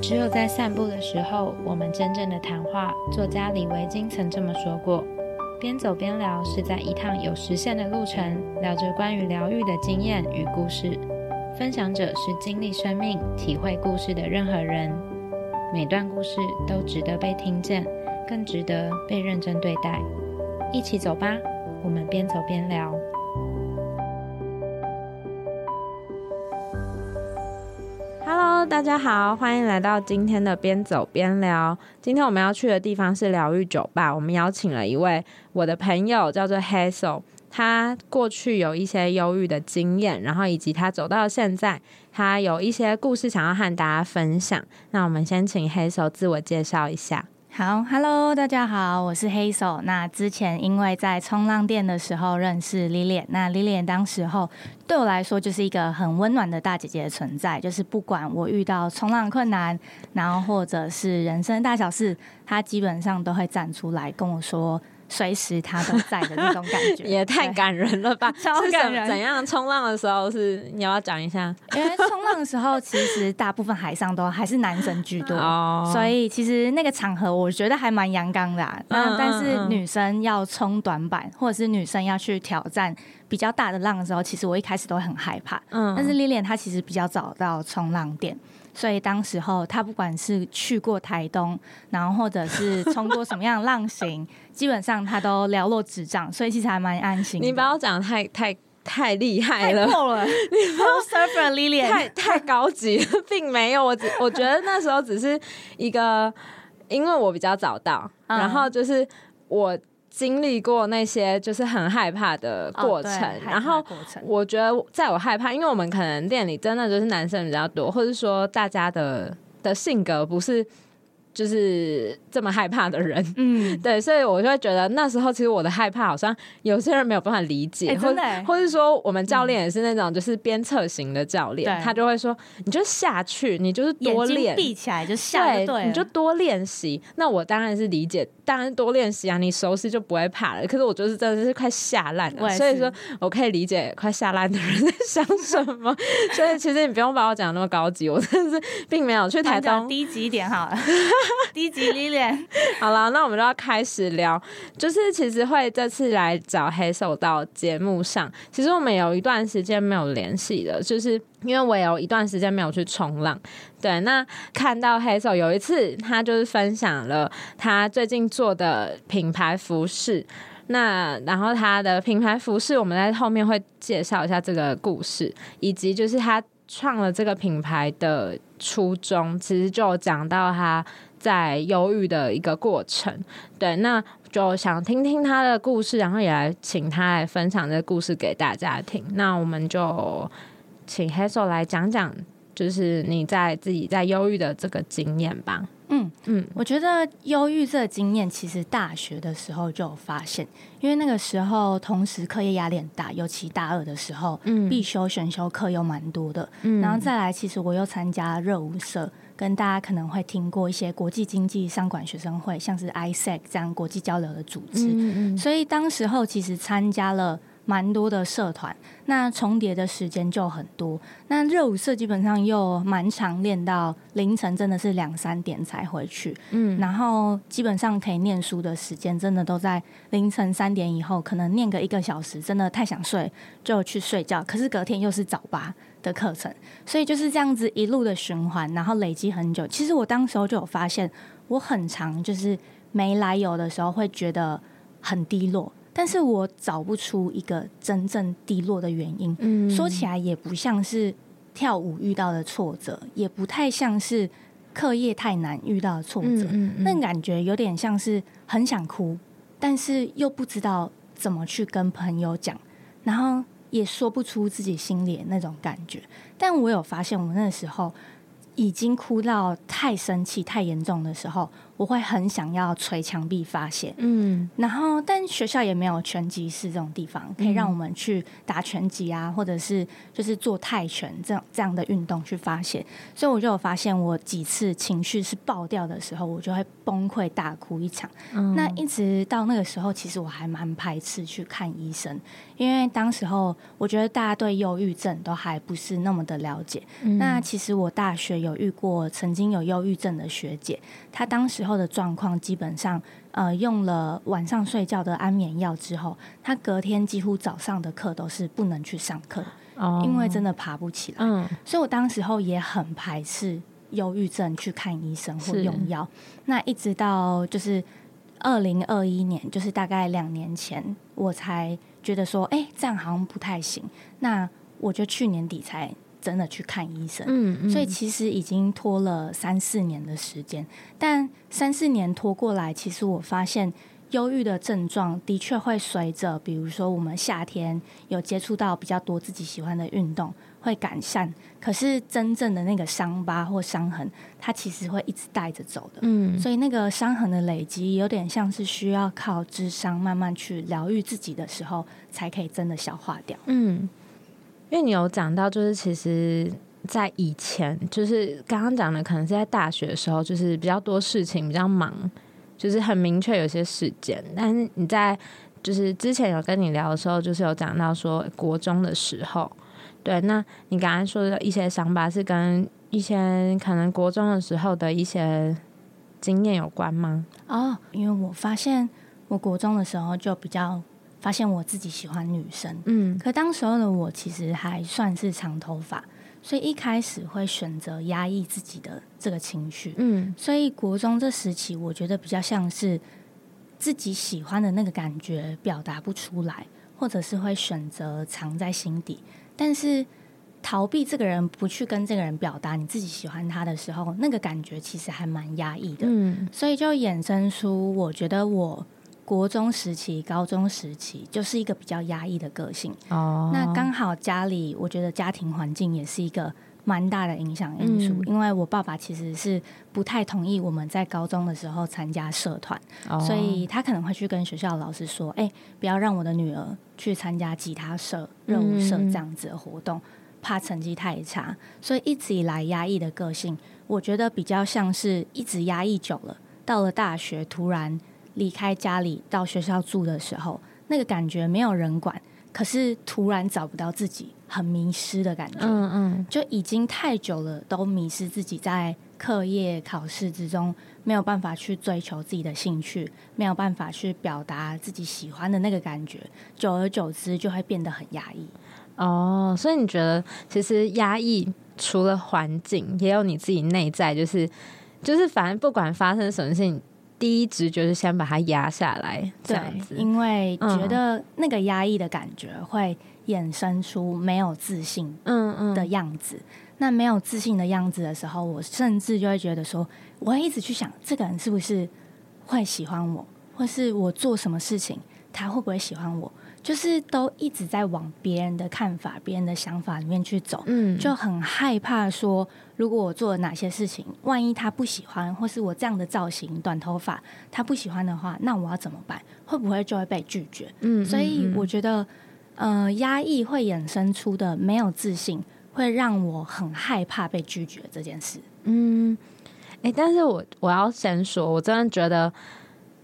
只有在散步的時候，我們真正的談話。作家李維京曾這麼說過：邊走邊療，是在一趟有時限的路程，聊着關於療癒的經驗與故事。分享者是經歷生命、體會故事的任何人。每段故事都值得被聽見，更值得被認真對待。一起走吧，我們邊走邊療。大家好，歡迎來到今天的邊走邊聊。今天我們要去的地方是療癒酒吧，我們邀請了一位我的朋友叫做 Hazel，他過去有一些憂鬱的經驗，然後以及他走到現在，他有一些故事想要和大家分享。那我們先請 Hazel 自我介紹一下。好哈嘍，Hello, 大家好，我是 Hazel。那之前因為在衝浪店的時候認識 Lily，那 Lily 當時候對我來說就是一個很溫暖的大姐姐的存在，就是不管我遇到衝浪困難，然後或者是人生的大小事，她基本上都會站出來跟我說。隨時他都在的那種感覺， 也太感人了吧！超感人。什麼？怎樣衝浪的時候是你要不要講一下？因為衝浪的時候， 其實大部分海上都還是男生居多，嗯、所以其實那個場合我覺得還蠻陽剛的、啊。那、嗯、但，但是女生要衝短板，或者是女生要去挑戰比較大的浪的時候，其實我一開始都很害怕。嗯，但是 Lilian 她其實比較早到衝浪店。所以當時候，他不管是去過台東，然後或者是衝過什麼樣的浪型， 基本上他都了若指掌，所以其實還蠻安心。你不要講太太太厲害了，太了 你 pro surfer Lily 太太高級了， 並沒有我只，我覺得那時候只是一個，因為我比較早到， 然後就是我。經歷過那些就是很害怕的過程，哦、害怕的過程，然後我覺得在我害怕，因為我們可能店裡真的就是男生比較多，或者說大家的的性格不是，就是這麼害怕的人，嗯，對，所以我就會覺得那時候其實我的害怕好像有些人沒有辦法理解，欸、或是，欸、或者說我們教練也是那種就是鞭策型的教練，嗯，他就會說你就下去，你就是多練，閉起來就下，對，你就多練習。那我當然是理解，當然多練習啊，你熟悉就不會怕了。可是我就是真的是快嚇爛了，所以說我可以理解快嚇爛的人在想什麼。 所以其實你不用把我講那麼高級，我真的是並沒有去台東，低級一點好了。 低級一臉， 好了，那我們就要開始聊，就是其實會這次來找 Hazel 到節目上，其實我們有一段時間沒有聯繫了，就是因為我有一段時間沒有去衝浪。對，那看到 Hazel 有一次，他就是分享了他最近做的品牌服飾，那然後他的品牌服飾，我們在後面會介紹一下這個故事，以及就是他創了這個品牌的初衷，其實就講到他。在憂鬱的一個過程，對，那就想聽聽他的故事，然後也來請他來分享這個故事給大家聽。那我們就請 Hazel 來講講，就是你在自己在憂鬱的這個經驗吧。嗯嗯，我覺得憂鬱這個經驗，其實大學的時候就有發現，因為那個時候同時課業壓力很大，尤其大二的時候，嗯，必修選修課又蠻多的。嗯，然後再來，其實我又參加熱舞社。跟大家可能會聽過一些國際經濟商管學生會，像是 ISAC 這樣國際交流的組織。嗯嗯嗯，所以當時候其實參加了蠻多的社團，那重疊的時間就很多。那熱舞社基本上又蠻常，練到凌晨真的是兩三點才回去。嗯，然後基本上可以念書的時間真的都在凌晨三點以後，可能念個一個小時，真的太想睡就去睡覺。可是隔天又是早八，的課程，所以就是這樣子一路的循環，然後累積很久。其實我當時候就有發現，我很常就是沒來由的時候會覺得很低落，但是我找不出一個真正低落的原因。嗯，說起來也不像是跳舞遇到的挫折，也不太像是課業太難遇到的挫折，嗯嗯嗯，那感覺有點像是很想哭，但是又不知道怎麼去跟朋友講，然後。也說不出自己心裡的那種感覺，但我有發現，我那時候已經哭到太生氣、太嚴重的時候。我會很想要捶牆壁發洩，嗯，然後但學校也沒有拳擊室這種地方，可以讓我們去打拳擊啊，嗯、或者是就是做泰拳這樣這樣的運動去發洩。所以我就有發現，我幾次情緒是爆掉的時候，我就會崩潰大哭一場，嗯。那一直到那個時候，其實我還蠻排斥去看醫生，因為當時候我覺得大家對憂鬱症都還不是那麼的了解。嗯、那其實我大學有遇過曾經有憂鬱症的學姐。他當時候的狀況，基本上，呃，用了晚上睡覺的安眠藥之後，他隔天幾乎早上的課都是不能去上課，um, 因為真的爬不起來。Um. 所以我當時候也很排斥憂鬱症去看醫生或用藥。那一直到就是二零二一年，就是大概兩年前，我才覺得說，哎、欸，這樣好像不太行。那我就去年底才真的去看醫生，所以其實已經拖了三四年的時間。但三四年拖過來，其實我發現憂鬱的症狀的確會隨着，比如說我們夏天有接觸到比較多自己喜歡的運動，會改善。可是真正的那個傷疤或傷痕，它其實會一直帶着走的。嗯，所以那個傷痕的累積，有點像是需要靠諮商慢慢去療癒自己的時候，才可以真的消化掉。嗯。因為你有講到，就是其實，在以前，就是剛剛講的，可能是在大學的時候，就是比較多事情，比較忙，就是很明確有些時間。但是你在就是之前有跟你聊的時候，就是有講到說國中的時候，對，那你剛剛說的一些想法，是跟一些可能國中的時候的一些經驗有關嗎？哦，因為我發現，我國中的時候就比較。發現我自己喜歡女生，嗯，可當時候的我其實還算是長頭髮，所以一開始會選擇壓抑自己的這個情緒，嗯，所以國中這時期，我覺得比較像是自己喜歡的那個感覺表達不出來，或者是會選擇藏在心底。但是逃避這個人，不去跟這個人表達你自己喜歡他的時候，那個感覺其實還蠻壓抑的，嗯，所以就衍生出我覺得我。國中時期、高中時期就是一個比較壓抑的個性。哦、oh.。那剛好家裡，我覺得家庭環境也是一個蠻大的影響因素。因為我爸爸其實是不太同意我們在高中的時候參加社團，oh. 所以他可能會去跟學校老師說：“哎、欸，不要讓我的女兒去參加吉他社、熱舞社這樣子的活動，嗯、怕成績太差。”所以一直以來壓抑的個性，我覺得比較像是一直壓抑久了，到了大學突然。離開家裡到學校住的時候，那個感覺沒有人管，可是突然找不到自己，很迷失的感覺。嗯嗯，就已經太久了，都迷失自己，在課業考試之中，沒有辦法去追求自己的興趣，沒有辦法去表達自己喜歡的那個感覺。久而久之，就會變得很壓抑。哦，所以你覺得，其實壓抑除了環境，也有你自己內在，就是，就是就是，反正不管發生什麼事情。第一直，就是先把他壓下來，這樣子，因為覺得那個壓抑的感覺會衍生出沒有自信的樣子，嗯嗯。那沒有自信的樣子的時候，我甚至就會覺得說，我會一直去想，這個人是不是會喜歡我，或是我做什麼事情，他會不會喜歡我？就是都一直在往別人的看法、別人的想法裡面去走，嗯，就很害怕說，如果我做了哪些事情，萬一他不喜歡，或是我這樣的造型、短頭髮他不喜歡的話，那我要怎麼辦？會不會就會被拒絕？嗯，所以我覺得，嗯嗯，呃，壓抑會衍生出的沒有自信，會讓我很害怕被拒絕這件事。嗯，欸，但是我我要先說，我真的覺得，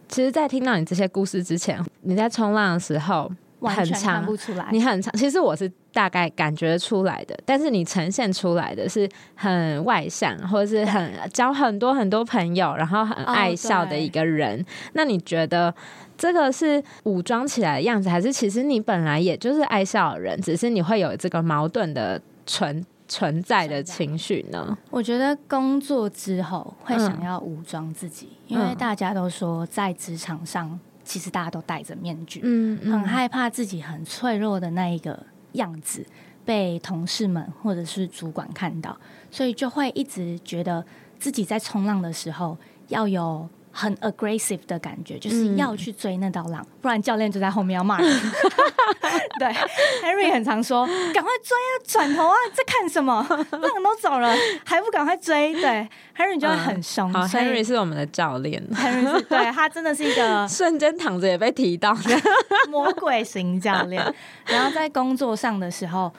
其實，在聽到你這些故事之前，你在衝浪的時候。很長不出來，你很長。其實我是大概感覺出來的，但是你呈現出來的是很外向，或是很交很多很多朋友，然後很愛笑的一個人。Oh, 那你覺得這個是武裝起來的樣子，還是其實你本來也就是愛笑的人，只是你會有這個矛盾的存存在的情緒呢？我覺得工作之後會想要武裝自己，嗯，因為大家都說在職場上。其實大家都戴着面具，嗯嗯，很害怕自己很脆弱的那一個樣子被同事們或者是主管看到，所以就會一直覺得自己在衝浪的時候要有。很 aggressive 的感覺，就是要去追那道浪，嗯，不然教練就在後面要罵你。 對，Henry 很常說：“趕快追啊，轉頭啊，在看什麼？浪都走了，還不趕快追？”對，Henry 就會很凶。Henry 是我們的教練。 Henry 是對，他真的是一個瞬間躺着也被提到的魔鬼型教練。然後在工作上的時候，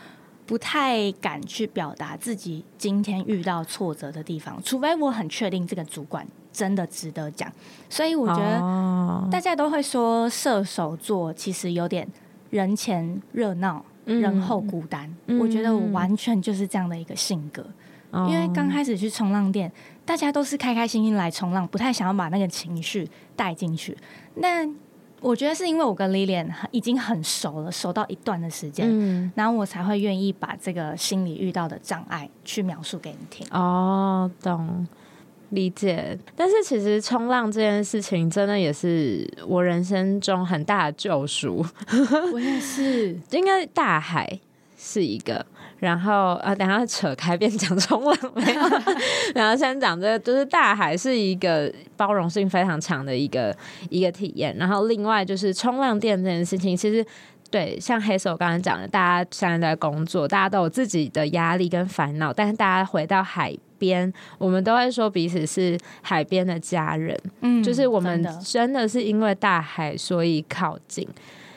不太敢去表達自己今天遇到挫折的地方，除非我很確定這個主管，真的值得講，所以我覺得大家都會說射手座其實有點人前熱鬧，嗯，人後孤單，嗯。我覺得我完全就是這樣的一個性格，嗯、因為剛開始去衝浪店，大家都是開開心心來衝浪，不太想要把那個情緒帶進去。那我覺得是因為我跟 Lilian 已經很熟了，熟到一段的時間，嗯，然後我才會願意把這個心裡遇到的障礙去描述給你聽。哦，懂。理解，但是其實衝浪這件事情真的也是我人生中很大的救贖。我也是， 應該大海是一個，然後啊，等下扯開邊講衝浪沒有， 然後先講這個，就是大海是一個包容性非常強的一個一個體驗。然後另外就是衝浪店這件事情，其實對，像黑手剛剛講的，大家現在在工作，大家都有自己的壓力跟煩惱，但是大家回到海邊邊，我們都會說彼此是海邊的家人，嗯，就是我們真的是因為大海所以靠近，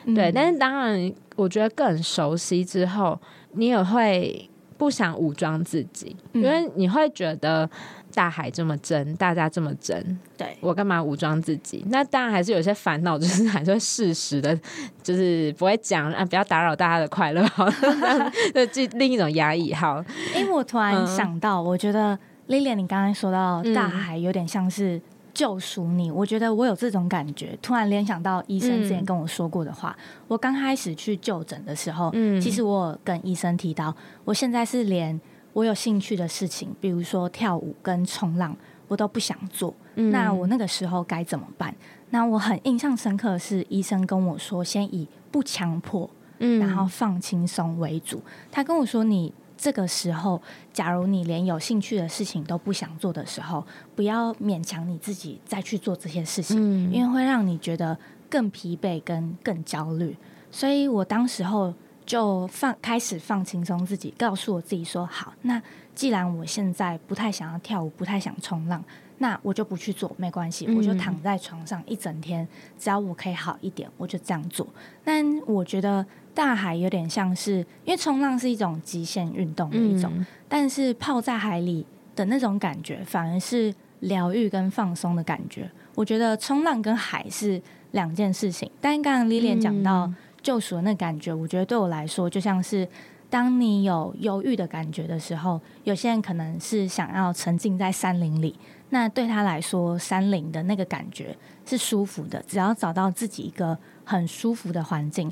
嗯、對，但是當然，我覺得更熟悉之後，你也會。不想武裝自己，因為你會覺得大海這麼真，大家這麼真。對，我幹嘛武裝自己？那當然還是有些煩惱，就是還是會事實的，就是不會講啊，不要打擾大家的快樂，好， 就另一種壓抑。好，因為我突然想到，嗯、我覺得 Lilian 你剛剛說到大海，有點像是。救贖你，我覺得我有這種感覺。突然聯想到醫生之前跟我說過的話，嗯、我剛開始去就診的時候，嗯、其實我有跟醫生提到，我現在是連我有興趣的事情，比如說跳舞跟衝浪，我都不想做，嗯。那我那個時候該怎麼辦？那我很印象深刻的是，醫生跟我說，先以不強迫，然後放輕鬆為主。他跟我說你。這個時候，假如你連有興趣的事情都不想做的時候，不要勉強你自己再去做這些事情，因為會讓你覺得更疲憊跟更焦慮。所以我當時候就放開始放輕鬆自己，告訴我自己說：“好，那既然我現在不太想要跳舞，不太想衝浪，那我就不去做，沒關係，我就躺在床上一整天，只要我可以好一點，我就這樣做。”但我覺得。大海有點像是，因為衝浪是一種極限運動的一種、嗯，但是泡在海裡的那種感覺，反而是療癒跟放鬆的感覺。我覺得衝浪跟海是兩件事情。但剛剛 Lilian 講到救贖的那個感覺、嗯，我覺得對我來說，就像是當你有憂鬱的感覺的時候，有些人可能是想要沉浸在山林裡。那對他來說，山林的那個感覺是舒服的。只要找到自己一個很舒服的環境。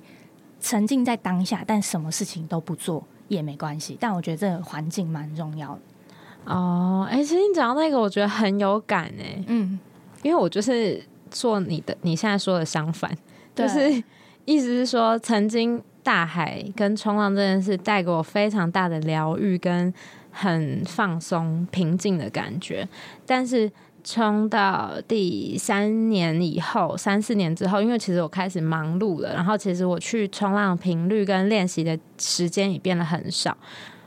沉浸在當下，但什麼事情都不做也沒關係。但我覺得這個環境蠻重要的哦。哎、欸，其實你講到那個，我覺得很有感哎、欸。嗯，因為我就是做你的，你現在說的相反，就是意思是說，曾經大海跟衝浪這件事帶給我非常大的療癒跟很放鬆、平靜的感覺，但是。衝到第三年以後，三四年之後，因為其實我開始忙碌了，然後其實我去衝浪頻率跟練習的時間也變得很少，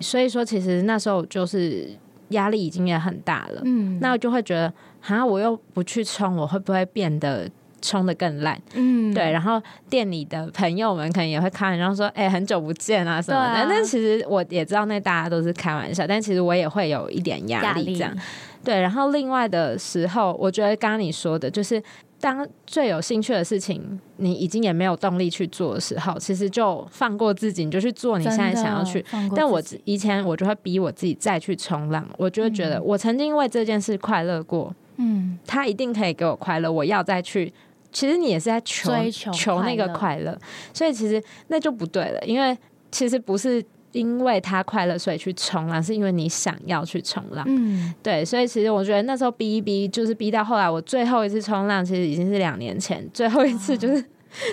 所以說其實那時候就是壓力已經也很大了。嗯，那我就會覺得，哈，我又不去衝，我會不會變得衝得更爛？嗯，對。然後店裡的朋友們可能也會看，然後說，欸，很久不見啊什麼的。那其實我也知道，那大家都是開玩笑，但其實我也會有一點壓力這樣。對，然後另外的時候，我覺得剛剛你說的就是，當最有興趣的事情，你已經也沒有動力去做的時候，其實就放過自己，你就去做你現在想要去，但我以前我就會逼我自己再去衝浪，我就覺得我曾經為這件事快樂過，嗯，他一定可以給我快樂，我要再去，其實你也是在求求，求那個快樂，所以其實那就不對了，因為其實不是。因為他快樂，所以去衝浪。是因為你想要去衝浪，嗯，對。所以其實我覺得那時候逼一逼，就是逼到後來，我最後一次衝浪其實已經是兩年前。最後一次就是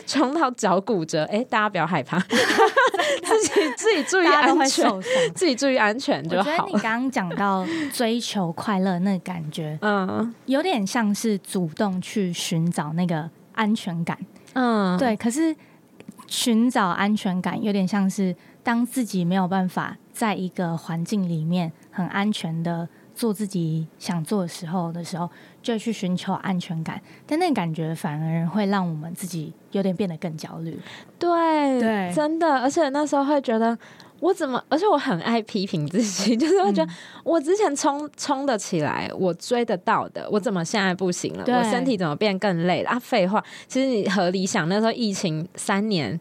衝到腳骨折，哎、欸，大家不要害怕，嗯、 自己自己注意安全，自己注意安全就好。我覺得你剛剛講到追求快樂那感覺，嗯， 有點像是主動去尋找那個安全感，嗯，對。可是尋找安全感有點像是。當自己沒有辦法在一個環境裡面很安全的做自己想做的時候的時候，就去尋求安全感，但那感覺反而會讓我們自己有點變得更焦慮。對，對，真的，而且那時候會覺得我怎麼，而且我很愛批評自己，就是會覺得、嗯、我之前衝衝得起來，我追得到的，我怎麼現在不行了？我身體怎麼變更累了？啊？廢話，其實你合理想那時候疫情三年，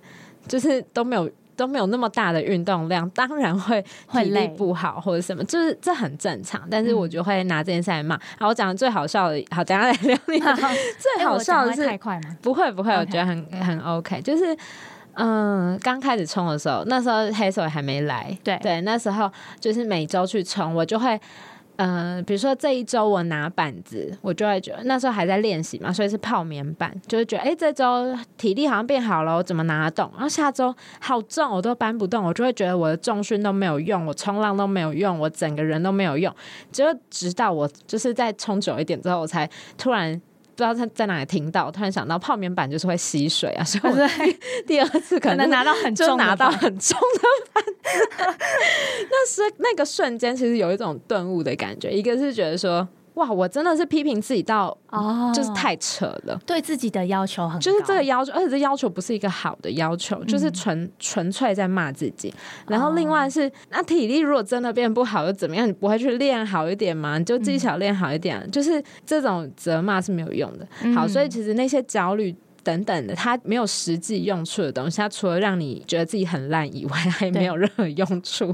就是都沒有。都沒有那麼大的運動量，當然會體力不好或者什麼，就是這很正常。但是我就會拿這件事來罵。然、嗯、後我講最好笑的，好，等下再聊好。最好笑的是、欸、太快嗎？不會不會，okay, 我覺得很很 OK。Okay. 就是嗯，剛開始衝的時候，那時候黑手還沒來，對對，那時候就是每周去衝，我就會。嗯、呃，比如說這一周我拿板子，我就會覺得那時候還在練習嘛，所以是泡棉板，就會覺得誒，這周體力好像變好了，我怎麼拿得動？然後下周好重，我都搬不動，我就會覺得我的重訓都沒有用，我衝浪都沒有用，我整個人都沒有用。就直到我就是再衝久一點之後，我才突然。不知道他在哪裡聽到，突然想到泡棉板就是會吸水啊，所以我第二次可能拿到很重，拿到很重的板。 那是那個瞬間，其實有一種頓悟的感覺，一個是覺得說。哇，我真的是批評自己到，oh, 就是太扯了，對自己的要求很高，就是這個要求，而且這要求不是一個好的要求，嗯、就是純純粹在罵自己。然後另外是，oh. 那體力如果真的變不好又怎麼樣？你不會去練好一點嗎？你就自己想練好一點，嗯，就是這種責罵是沒有用的。好，所以其實那些焦慮。等等的，它沒有實際用處的東西，它除了讓你覺得自己很爛以外，還沒有任何用處。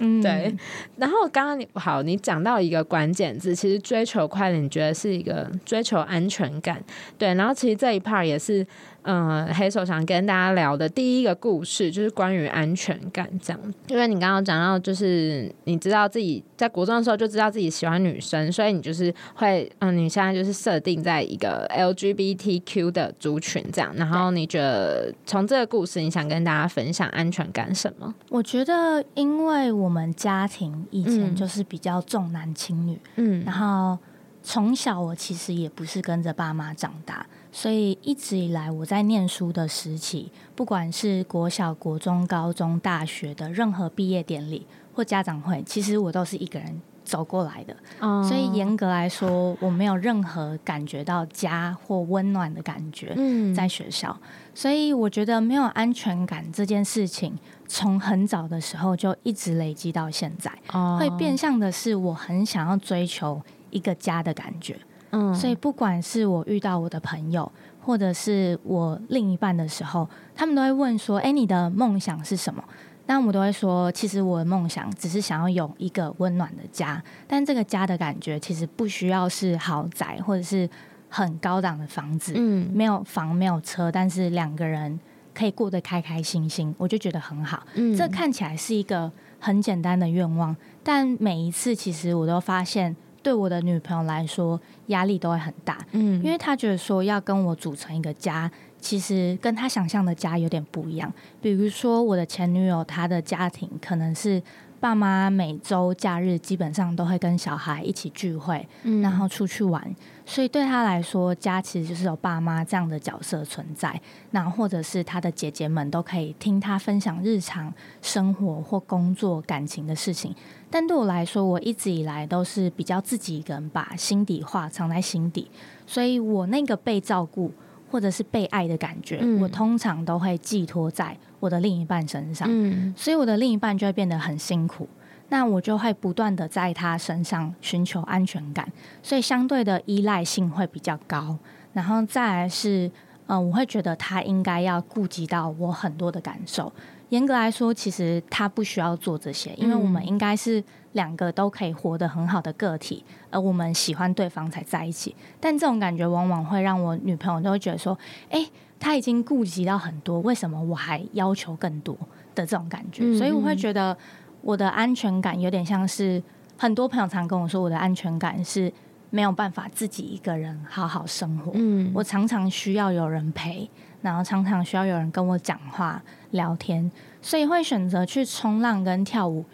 對，對，然後剛剛你好，你講到一個關鍵字，其實，追求快樂，你覺得是一個追求安全感。對，然後其實這一 part 也是。嗯，Hazel 想跟大家聊的第一個故事就是關於安全感這樣。因為你剛剛講到，就是你知道自己在國中的時候就知道自己喜歡女生，所以你就是會嗯，你現在就是設定在一個 LGBTQ 的族群這樣。然後你覺得從這個故事，你想跟大家分享安全感什麼？我覺得因為我們家庭以前就是比較重男輕女，嗯，然後從小我其實也不是跟着爸媽長大，所以一直以來，我在念書的時期，不管是國小、國中、高中、大學的任何畢業典禮或家長會，其實我都是一個人走過來的。Oh. 所以嚴格來說，我沒有任何感覺到家或溫暖的感覺。嗯，在學校，嗯，所以我覺得沒有安全感這件事情，從很早的時候就一直累積到現在。Oh. 會變相的是，我很想要追求一個家的感覺。嗯、oh.，所以不管是我遇到我的朋友，或者是我另一半的時候，他們都會問說：“誒、欸，你的夢想是什麼？”那我都會說：“其實我的夢想只是想要有一個溫暖的家，但這個家的感覺其實不需要是豪宅，或者是很高檔的房子。嗯、mm.，沒有房，沒有車，但是兩個人可以過得開開心心，我就覺得很好。嗯、mm.，這看起來是一個很簡單的願望，但每一次其實我都發現。對我的女朋友來說，壓力都會很大，嗯，因為她覺得說要跟我組成一個家，其實跟她想象的家有點不一樣。比如說，我的前女友她的家庭可能是。爸媽每周假日基本上都會跟小孩一起聚會，嗯，然後出去玩，所以對他來說，家其實就是有爸媽這樣的角色存在。那或者是他的姐姐們都可以聽他分享日常生活或工作、感情的事情。但對我來說，我一直以來都是比較自己一個人把心底話藏在心底，所以我那個被照顧或者是被愛的感覺，嗯，我通常都會寄託在。我的另一半身上，嗯，所以我的另一半就會變得很辛苦。那我就會不斷地在他身上尋求安全感，所以相對的依賴性會比較高。然後再來是，嗯、呃，我會覺得他應該要顧及到我很多的感受。嚴格來說，其實他不需要做這些，因為我們應該是兩個都可以活得很好的個體，而我們喜歡對方才在一起。但這種感覺往往會讓我女朋友都會覺得說，哎、欸。他已經顧及到很多，為什麼我還要求更多的這種感覺？所以我會覺得我的安全感有點像是很多朋友常跟我說，我的安全感是沒有辦法自己一個人好好生活。嗯，我常常需要有人陪，然後常常需要有人跟我講話聊天，所以會選擇去衝浪跟跳舞。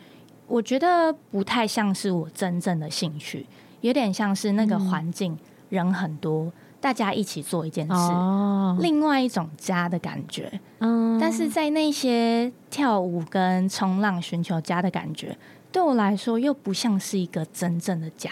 我覺得不太像是我真正的興趣，有點像是那個環境人很多。大家一起做一件事，oh. 另外一種家的感覺。Oh. 但是在那些跳舞跟衝浪尋求家的感覺，對我來說又不像是一個真正的家，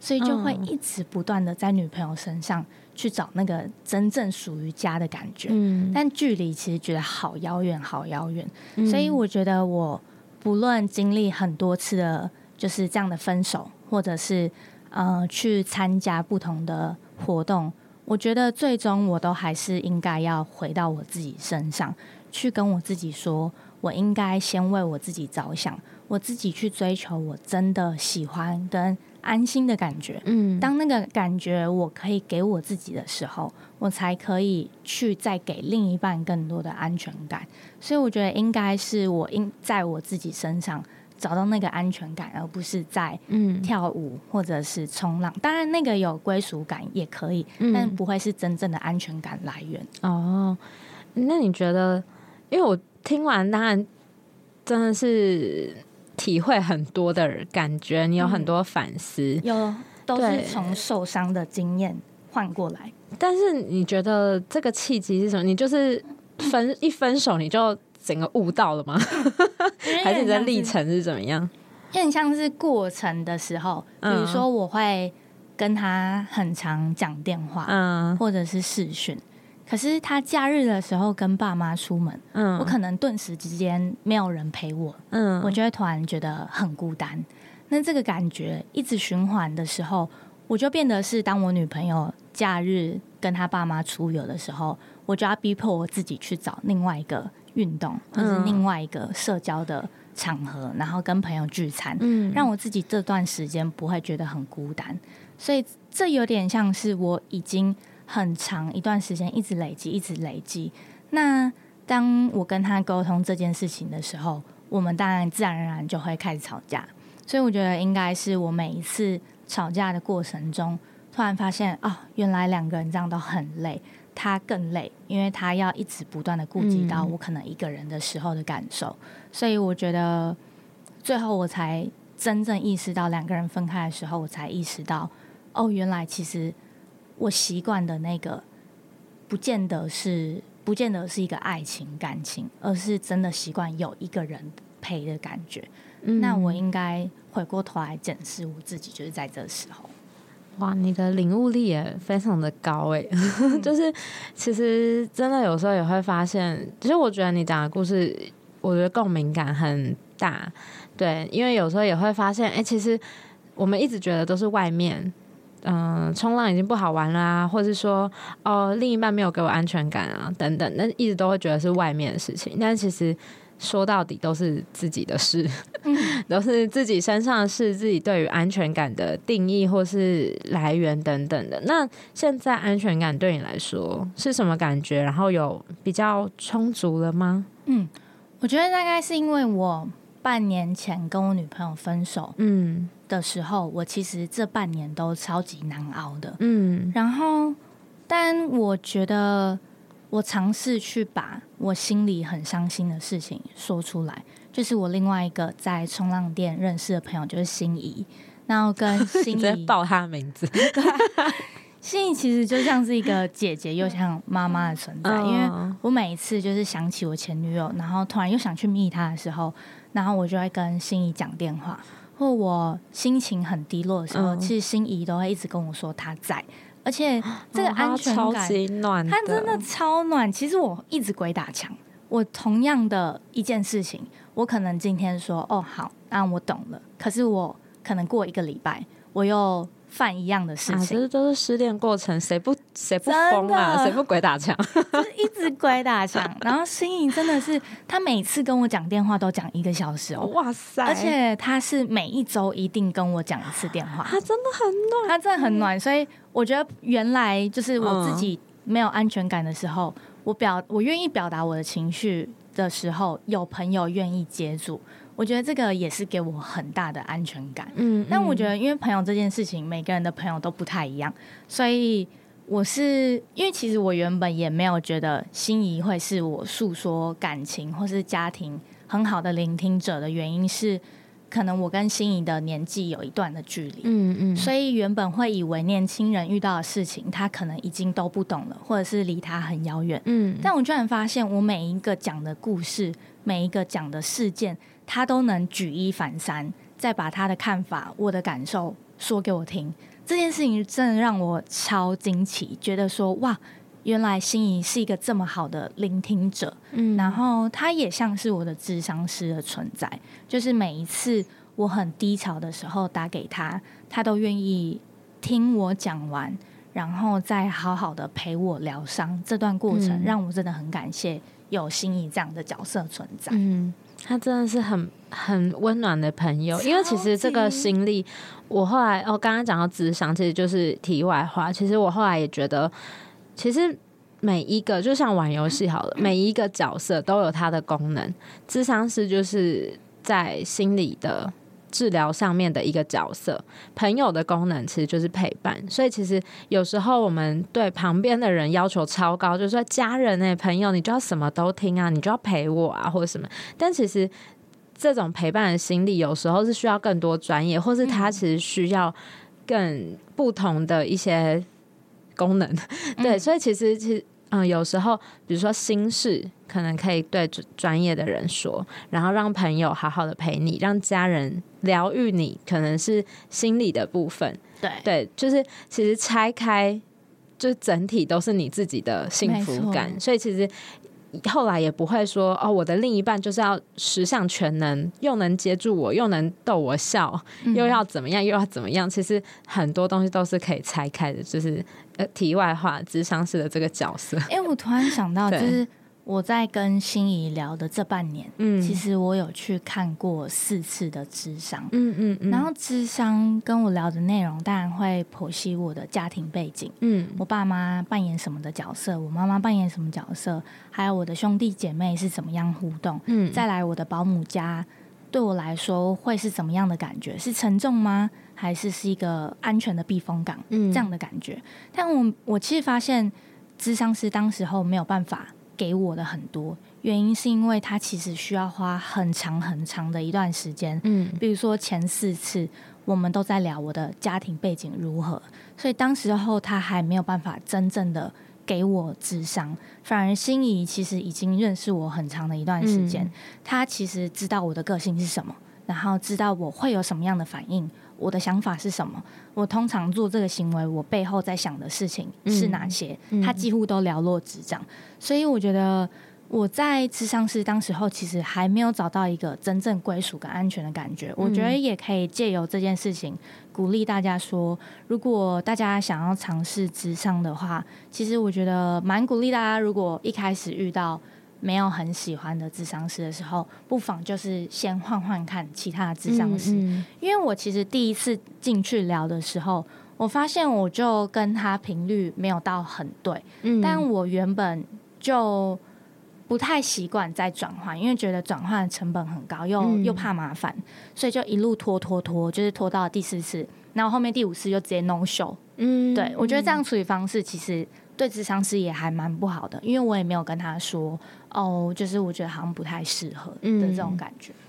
所以就會一直不斷的在女朋友身上去找那個真正屬於家的感覺。Oh. 但距離其實覺得好遙遠，好遙遠。所以我覺得，我不論經歷很多次的，就是這樣的分手，或者是呃去參加不同的活動。我覺得最終我都還是應該要回到我自己身上，去跟我自己說，我應該先為我自己着想，我自己去追求我真的喜歡跟安心的感覺。嗯，當那個感覺我可以給我自己的時候，我才可以去再給另一半更多的安全感。所以我覺得應該是我應在我自己身上，找到那個安全感，而不是在跳舞或者是衝浪、嗯。當然，那個有歸屬感也可以，嗯、但不會是真正的安全感來源。哦，那你覺得？因為我聽完，當然真的是體會很多的感覺，你有很多反思，嗯、有都是從受傷的經驗換過來。但是你覺得這個契機是什麼？你就是分一分手，你就。整個悟到了嗎？ 還是你的歷程是怎麼樣？因為很像是過程的時候，嗯，比如說我會跟他很常講電話，嗯，或者是視訊。可是他假日的時候跟爸媽出門，嗯，我可能頓時之間沒有人陪我，嗯，我就會突然覺得很孤單。那這個感覺一直循環的時候，我就變得是，當我女朋友假日跟他爸媽出遊的時候，我就要逼迫我自己去找另外一個。運動，或、就是另外一個社交的場合、嗯，然後跟朋友聚餐，讓我自己這段時間不會覺得很孤單。所以這有點像是我已經很長一段時間一直累積，一直累積。那當我跟他溝通這件事情的時候，我們當然自然而然就會開始吵架。所以我覺得應該是我每一次吵架的過程中，突然發現啊、哦，原來兩個人這樣都很累。他更累，因為他要一直不斷的顧及到我可能一個人的時候的感受，嗯、所以我覺得最後我才真正意識到兩個人分開的時候，我才意識到，哦，原來其實我習慣的那個，不見得是不見得是一個愛情感情，而是真的習慣有一個人陪的感覺。嗯、那我應該回過頭來檢視我自己，就是在這時候。哇，你的領悟力也非常的高誒、欸， 就是其實真的有時候也會發現，其實我覺得你講的故事，我覺得共鳴感很大，對，因為有時候也會發現，哎、欸，其實我們一直覺得都是外面，嗯、呃，衝浪已經不好玩啦，啊，或者說哦、呃，另一半沒有給我安全感啊，等等，那一直都會覺得是外面的事情，但其實。說到底都是自己的事，嗯、都是自己身上的事，自己對於安全感的定義或是來源等等的。那現在安全感對你來說是什麼感覺？然後有比較充足了嗎？嗯，我覺得大概是因為我半年前跟我女朋友分手，嗯的時候、嗯，我其實這半年都超級難熬的，嗯。然後，但我覺得。我嘗試去把我心裡很傷心的事情說出來，就是我另外一個在衝浪店認識的朋友，就是心儀。然後跟心儀報她的名字，心 儀 其實就像是一個姐姐又像媽媽的存在，因為我每一次就是想起我前女友，然後突然又想去密她的時候，然後我就會跟心儀講電話。或我心情很低落的時候，其實心儀都會一直跟我說她在。而且這個安全感、哦它超暖，它真的超暖。其實我一直鬼打牆，我同樣的一件事情，我可能今天說哦好，那、啊、我懂了。可是我可能過一個禮拜，我又。犯一樣的事情，其、啊、實都是失戀過程，誰不誰不瘋啊？誰不鬼打牆？就是一直鬼打牆。 然後 心怡真的是，他每次跟我講電話都講一個小時，喔，哇塞！而且他是每一週一定跟我講一次電話，啊，他真的很暖，他真的很暖。所以我覺得原來就是我自己沒有安全感的時候，嗯、我表我願意表達我的情緒的時候，有朋友願意接住。我覺得這個也是給我很大的安全感。嗯，嗯，但我覺得，因為朋友這件事情，每個人的朋友都不太一樣，所以我是因為其實我原本也沒有覺得心儀會是我訴說感情或是家庭很好的聆聽者的原因是，可能我跟心儀的年紀有一段的距離。嗯嗯。所以原本會以為年輕人遇到的事情，他可能已經都不懂了，或者是離他很遙遠。嗯。但我居然發現，我每一個講的故事，每一個講的事件。他都能舉一反三，再把他的看法、我的感受說給我聽，這件事情真的讓我超驚奇，覺得說哇，原來心儀是一個這麼好的聆聽者，嗯，然後他也像是我的諮商師的存在，就是每一次我很低潮的時候打給他，他都願意聽我講完。然後再好好的陪我療傷，這段過程讓我真的很感謝有心怡這樣的角色存在。嗯，他真的是很很溫暖的朋友。因為其實這個心理，我後來哦，剛剛講到諮商其實就是題外話。其實我後來也覺得，其實每一個就像玩遊戲好了，每一個角色都有它的功能。諮商是就是在心裡的治療上面的一個角色，朋友的功能其實就是陪伴。所以其實有時候我們對旁邊的人要求超高，就是說家人哎、欸，朋友，你就要什麼都聽啊，你就要陪我啊，或者什麼。但其實這種陪伴的心理，有時候是需要更多專業，或是他其實需要更不同的一些功能。嗯、對，所以其實其實。嗯，有時候比如說心事，可能可以對專業的人說，然後讓朋友好好的陪你，讓家人療癒你，可能是心理的部分。對對，就是其實拆開，就整體都是你自己的幸福感，所以其實。後來也不會說哦，我的另一半就是要十項全能，又能接住我，又能逗我笑、嗯，又要怎麼樣，又要怎麼樣。其實很多東西都是可以拆開的。就是呃，題外話，諮商師的這個角色。哎、欸，我突然想到，就是。我在跟心儀聊的這半年，嗯，其實我有去看過四次的諮商，嗯嗯、嗯，然後諮商跟我聊的內容當然會剖析我的家庭背景，嗯，我爸媽扮演什麼的角色，我媽媽扮演什麼角色，還有我的兄弟姐妹是怎麼樣互動，嗯，再來我的保姆家對我來說會是怎麼樣的感覺？是沉重嗎？還是是一個安全的避風港？嗯、這樣的感覺。但我我其實發現諮商師當時候沒有辦法。給我的很多原因，是因為他其實需要花很長很長的一段時間。嗯，比如說前四次，我們都在聊我的家庭背景如何，所以當時候他還沒有辦法真正的給我諮商，反而心儀其實已經認識我很長的一段時間，他、嗯、其實知道我的個性是什麼，然後知道我會有什麼樣的反應。我的想法是什麼？我通常做這個行為，我背後在想的事情是哪些？嗯、他幾乎都了如指掌、嗯，所以我覺得我在諮商時，當時候，其實還沒有找到一個真正歸屬跟安全的感覺。嗯、我覺得也可以借由這件事情鼓勵大家說，如果大家想要嘗試諮商的話，其實我覺得蠻鼓勵大家。如果一開始遇到，沒有很喜歡的諮商師的時候，不妨就是先換換看其他的諮商師，嗯嗯，因為我其實第一次進去聊的時候，我發現我就跟他頻率沒有到很對，嗯、但我原本就不太習慣再轉換，因為覺得轉換成本很高，又、嗯、又怕麻煩，所以就一路拖拖拖，就是拖到第四次，然後，後面第五次就直接 no show，嗯，對我覺得這樣處理方式其實對諮商師也還蠻不好的，因為我也沒有跟他說。哦、oh,，就是我覺得好像不太適合的這種感覺、嗯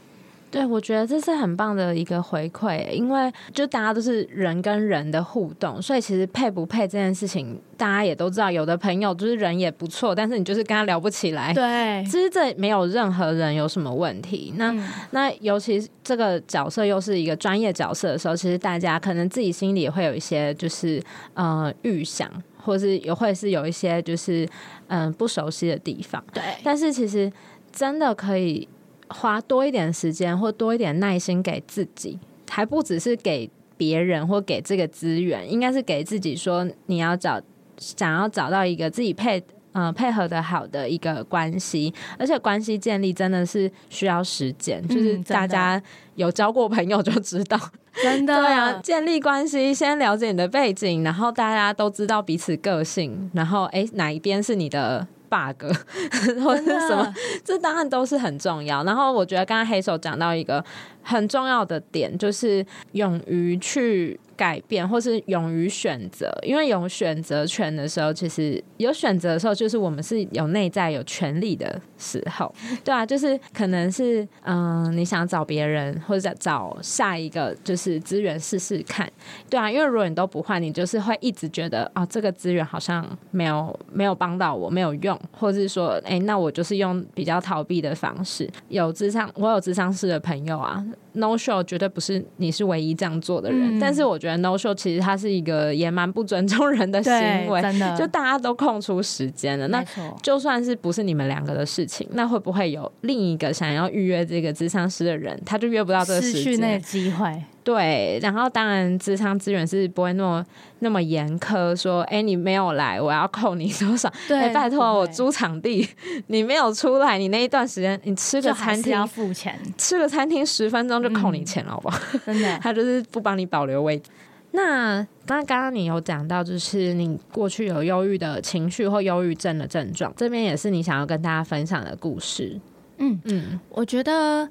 對。對，我覺得這是很棒的一個回饋，因為就大家都是人跟人的互動，所以其實配不配這件事情，大家也都知道。有的朋友就是人也不錯，但是你就是跟他聊不起來。對，其實這沒有任何人有什麼問題。那、嗯、那尤其是這個角色又是一個專業角色的時候，其實大家可能自己心裡也會有一些就是呃預想。或是有，或者是有一些，就是嗯、呃，不熟悉的地方。對。但是其實真的可以花多一點時間，或多一點耐心給自己，還不只是給別人或給這個資源，應該是給自己說，你要找，想要找到一個自己配，嗯、呃，配合的好的一個關係，而且關係建立真的是需要時間，嗯、就是大家有交過朋友就知道。 真的對啊，建立關係，先了解你的背景，然後大家都知道彼此個性，然後哎哪一邊是你的 bug 或者是什麼，這當然都是很重要。然後我覺得剛剛 Hazel 講到一個很重要的點，就是勇於去。改變，或是勇於選擇，因為有選擇權的時候，其實有選擇的時候，就是我們是有內在有權利的時候，對啊，就是可能是嗯、呃，你想找別人，或者找下一個，就是資源試試看，對啊，因為如果你都不換，你就是會一直覺得啊，這個資源好像沒有沒有幫到我，沒有用，或者是說，哎、欸，那我就是用比較逃避的方式，有諮商，我有諮商室的朋友啊。No show 絕對不是你是唯一這樣做的人，嗯，但是我覺得 No show 其實他是一個也蠻不尊重人的行為，對，真的，就大家都空出時間了，那就算是不是你們兩個的事情，那會不會有另一個想要預約這個諮商師的人，他就約不到這個時間，失去那個機會。對，然後當然，職場資源是不會那麼那麼嚴苛，說，哎，你沒有來，我要扣你多少？對，誒拜託，我租場地，你沒有出來，你那一段時間，你吃個餐廳要付錢，吃個餐廳十分鐘就扣你錢了、嗯，好不好？真的，他就是不幫你保留位置。那剛剛剛剛你有講到，就是你過去有憂鬱的情緒或憂鬱症的症狀，這邊也是你想要跟大家分享的故事。嗯嗯，我覺得。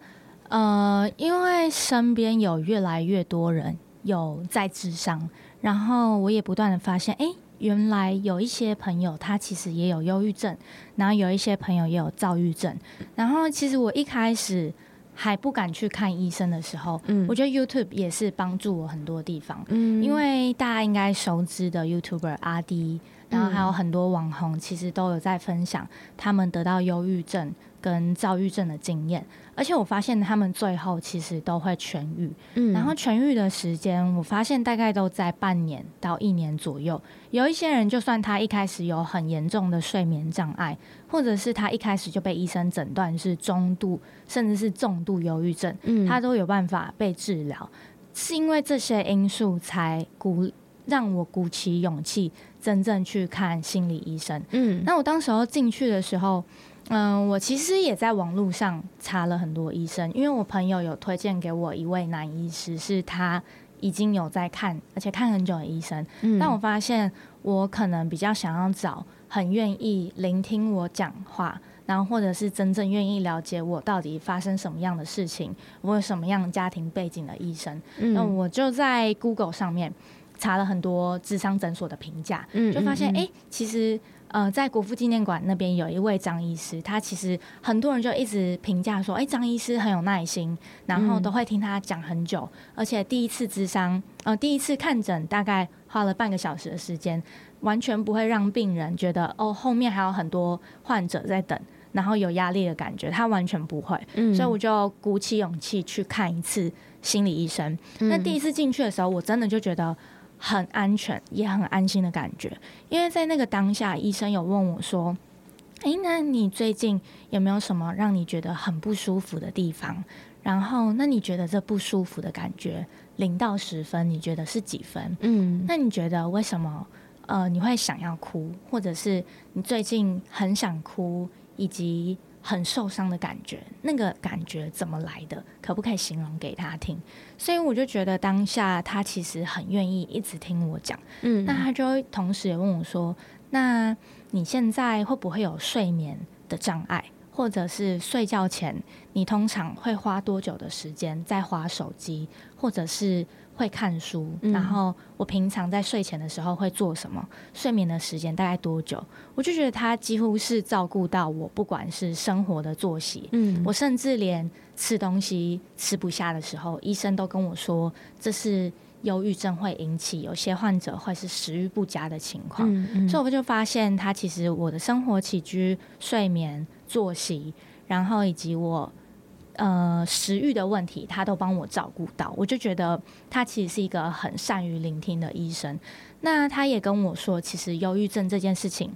呃，因為身邊有越來越多人有在諮商，然後我也不斷的發現，哎、欸，原來有一些朋友他其實也有憂鬱症，然後有一些朋友也有躁鬱症，然後其實我一開始還不敢去看醫生的時候，嗯、我覺得 YouTube 也是幫助我很多地方、嗯，因為大家應該熟知的 YouTuber 阿滴，然後還有很多網紅其實都有在分享他們得到憂鬱症跟躁鬱症的經驗。而且我發現他們最後其實都會痊癒、嗯，然後痊癒的時間，我發現大概都在半年到一年左右。有一些人，就算他一開始有很嚴重的睡眠障礙，或者是他一開始就被醫生診斷是中度甚至是重度憂鬱症，他都有辦法被治療、嗯。是因為這些因素才鼓讓我鼓起勇氣，真正去看心理醫生。嗯，那我當時候進去的時候，嗯、呃，我其實也在網絡上查了很多醫生，因為我朋友有推薦給我一位男醫師，是他已經有在看，而且看很久的醫生。嗯，但我發現我可能比較想要找很願意聆聽我講話，然後或者是真正願意了解我到底發生什麼樣的事情，我有什麼樣家庭背景的醫生。嗯，那我就在 Google 上面。查了很多諮商診所的評價，就發現哎、欸，其實呃，在國父紀念館那邊有一位張醫師，他其實很多人就一直評價說，哎、欸，張醫師很有耐心，然後都會聽他講很久，而且第一次諮商，呃，第一次看診大概花了半個小時的時間，完全不會讓病人覺得哦，後面還有很多患者在等，然後有壓力的感覺，他完全不會。所以我就鼓起勇氣去看一次心理醫生。那第一次進去的時候，我真的就覺得。很安全，也很安心的感覺。因為在那個當下，醫生有問我說：“誒、欸，那你最近有沒有什麼讓你覺得很不舒服的地方？然後，那你覺得這不舒服的感覺零到十分，你覺得是幾分？嗯，那你覺得為什麼？呃，你會想要哭，或者是你最近很想哭，以及？”很受傷的感覺，那個感覺怎麼來的？可不可以形容給他聽？所以我就覺得當下他其實很願意一直聽我講，嗯，那他就會同時也問我說：“那你現在會不會有睡眠的障礙？”或者是睡覺前，你通常會花多久的時間在滑手機，或者是會看書、嗯？然後我平常在睡前的時候會做什麼？睡眠的時間大概多久？我就覺得他幾乎是照顧到我，不管是生活的作息，嗯，我甚至連吃東西吃不下的時候，醫生都跟我說這是憂鬱症會引起，有些患者會是食欲不佳的情況、嗯嗯，所以我就發現他其實我的生活起居、睡眠。作息，然後以及我呃食慾的問題，他都幫我照顧到，我就覺得他其實是一個很善於聆聽的醫生。那他也跟我說，其實憂鬱症這件事情